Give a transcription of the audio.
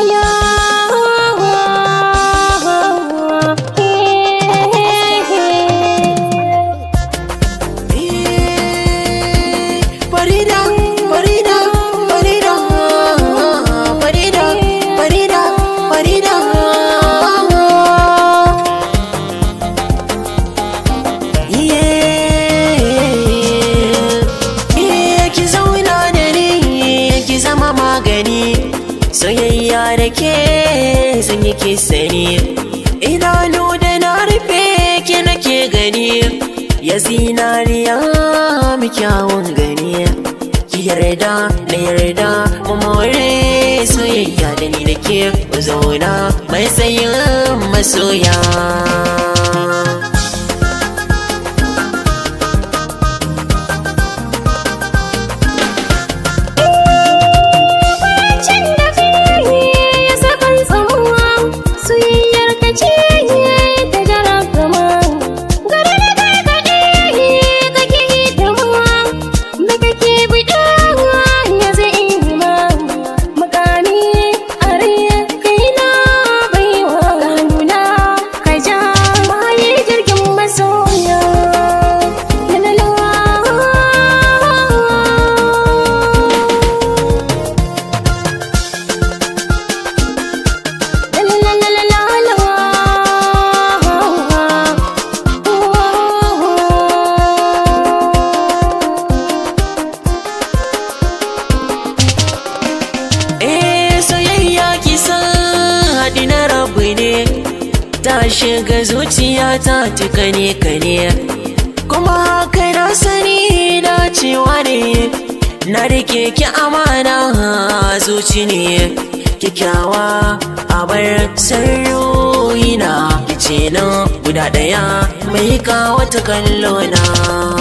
Hola. soyayya da ke sun yi kisani, sani idanu da na rufe ke nake gani ya zinariya mi kyawun gani ki yarda na yarda mu more soyayya da ni da ke zauna matsayin masoya ta shiga zuciya ta ta kane kane kuma haka na sani na cewa ne na rike ki amana zuci ne kyakkyawa a bar na. sarrohina ce nan guda daya mai ka wata kallona